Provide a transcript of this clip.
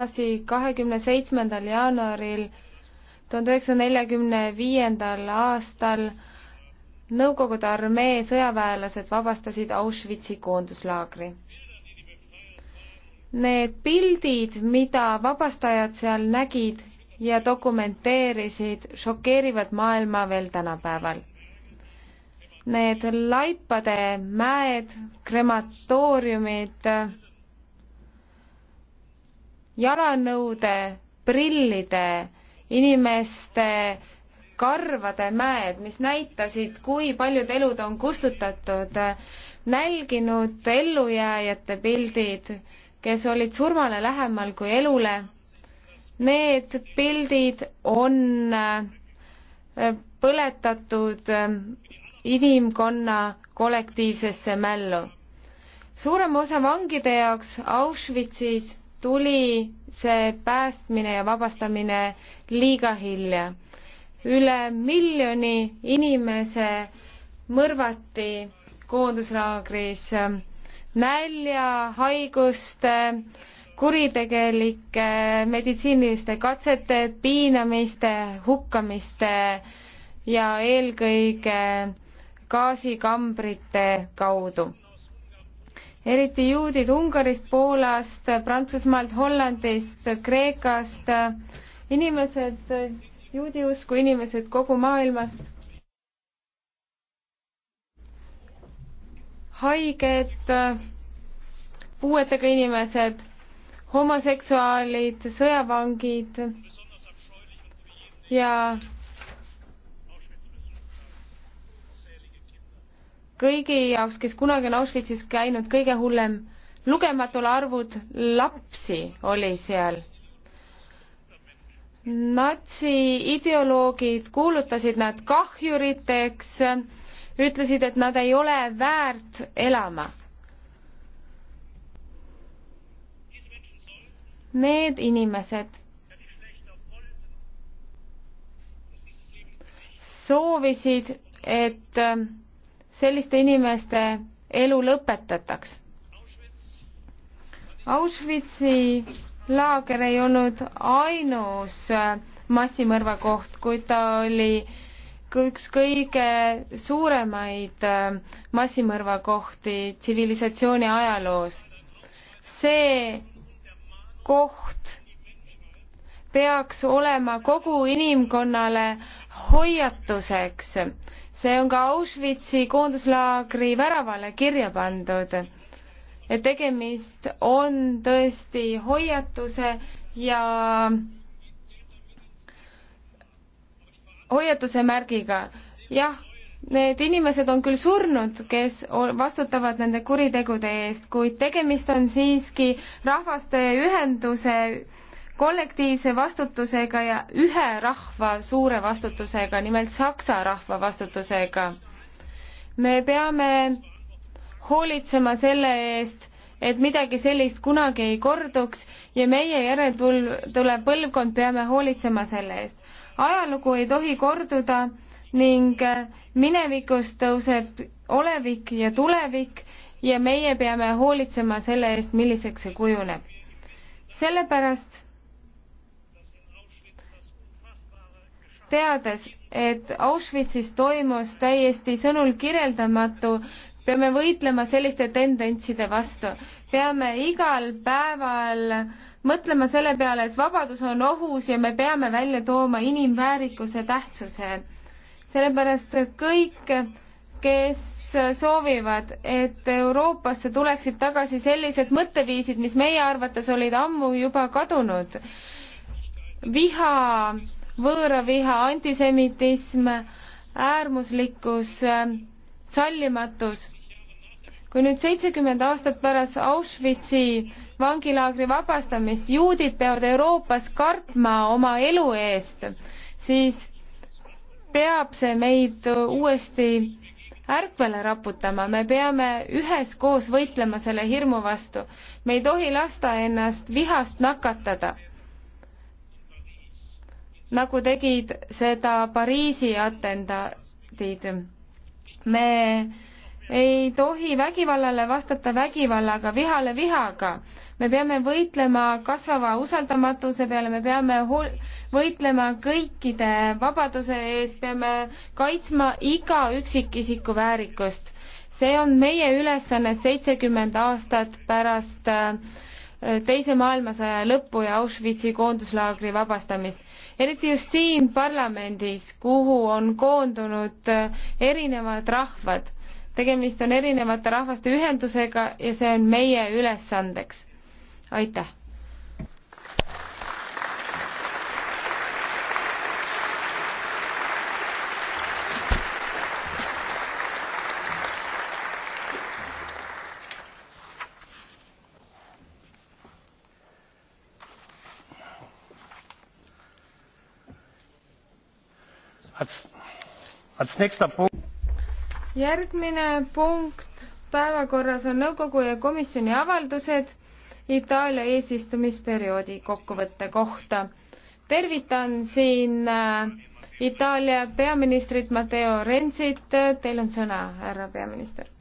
tagasi kahekümne seitsmendal jaanuaril tuhande üheksasaja neljakümne viiendal aastal Nõukogude armee sõjaväelased vabastasid Auschwitzi koonduslaagri. Need pildid, mida vabastajad seal nägid ja dokumenteerisid, šokeerivad maailma veel tänapäeval. Need laipade mäed, krematooriumid, jalanõude, prillide, inimeste karvade mäed, mis näitasid, kui paljud elud on kustutatud, nälginud ellujääjate pildid, kes olid surmale lähemal kui elule. Need pildid on äh, põletatud äh, inimkonna kollektiivsesse mällu. suurem osa vangide jaoks Auschwitzis tuli see päästmine ja vabastamine liiga hilja. üle miljoni inimese mõrvati koonduslaagris nälja, haiguste, kuritegelike meditsiiniliste katsete, piinamiste, hukkamiste ja eelkõige gaasikambrite kaudu eriti juudid Ungarist, Poolast, Prantsusmaalt, Hollandist, Kreekast, inimesed, juudi usku inimesed kogu maailmast. haiged, puuetega inimesed, homoseksuaalid, sõjavangid ja kõigi jaoks, kes kunagi on Auschwitzis käinud, kõige hullem. lugematul arvud lapsi oli seal. natsiideoloogid kuulutasid nad kahjuriteks, ütlesid, et nad ei ole väärt elama need inimesed soovisid, et selliste inimeste elu lõpetataks. Auschwitzi laager ei olnud ainus äh, massimõrva koht, kuid ta oli üks kõige suuremaid äh, massimõrva kohti tsivilisatsiooni ajaloos. see koht peaks olema kogu inimkonnale hoiatuseks see on ka Auschwitzi koonduslaagri väravale kirja pandud, et tegemist on tõesti hoiatuse ja hoiatuse märgiga. jah, need inimesed on küll surnud, kes vastutavad nende kuritegude eest, kuid tegemist on siiski rahvaste ühenduse kollektiivse vastutusega ja ühe rahva suure vastutusega, nimelt Saksa rahva vastutusega. me peame hoolitsema selle eest, et midagi sellist kunagi ei korduks ja meie järeltulev põlvkond peame hoolitsema selle eest. ajalugu ei tohi korduda ning minevikus tõuseb olevik ja tulevik ja meie peame hoolitsema selle eest, milliseks see kujuneb. sellepärast teades, et Auschwitzis toimus täiesti sõnul kirjeldamatu, peame võitlema selliste tendentside vastu. peame igal päeval mõtlema selle peale, et vabadus on ohus ja me peame välja tooma inimväärikuse tähtsuse. sellepärast kõik, kes soovivad, et Euroopasse tuleksid tagasi sellised mõtteviisid, mis meie arvates olid ammu juba kadunud. viha võõraviha, antisemitism, äärmuslikkus, sallimatus. kui nüüd seitsekümmend aastat pärast Auschwitzi vangilaagri vabastamist juudid peavad Euroopas kartma oma elu eest, siis peab see meid uuesti ärkvele raputama, me peame üheskoos võitlema selle hirmu vastu. me ei tohi lasta ennast vihast nakatada nagu tegid seda Pariisi atentaadid. me ei tohi vägivallale vastata vägivallaga, vihale vihaga. me peame võitlema kasvava usaldamatuse peale, me peame võitlema kõikide vabaduse eest, peame kaitsma iga üksikisiku väärikust. see on meie ülesanne seitsekümmend aastat pärast äh, teise maailmasõja lõppu ja Auschwitzi koonduslaagri vabastamist. eriti just siin parlamendis, kuhu on koondunud äh, erinevad rahvad. tegemist on erinevate rahvaste ühendusega ja see on meie ülesandeks. aitäh! järgmine punkt päevakorras on nõukogu ja komisjoni avaldused Itaalia eesistumisperioodi kokkuvõtte kohta. tervitan siin äh, Itaalia peaministrit Matteo Renzit, teil on sõna, härra peaminister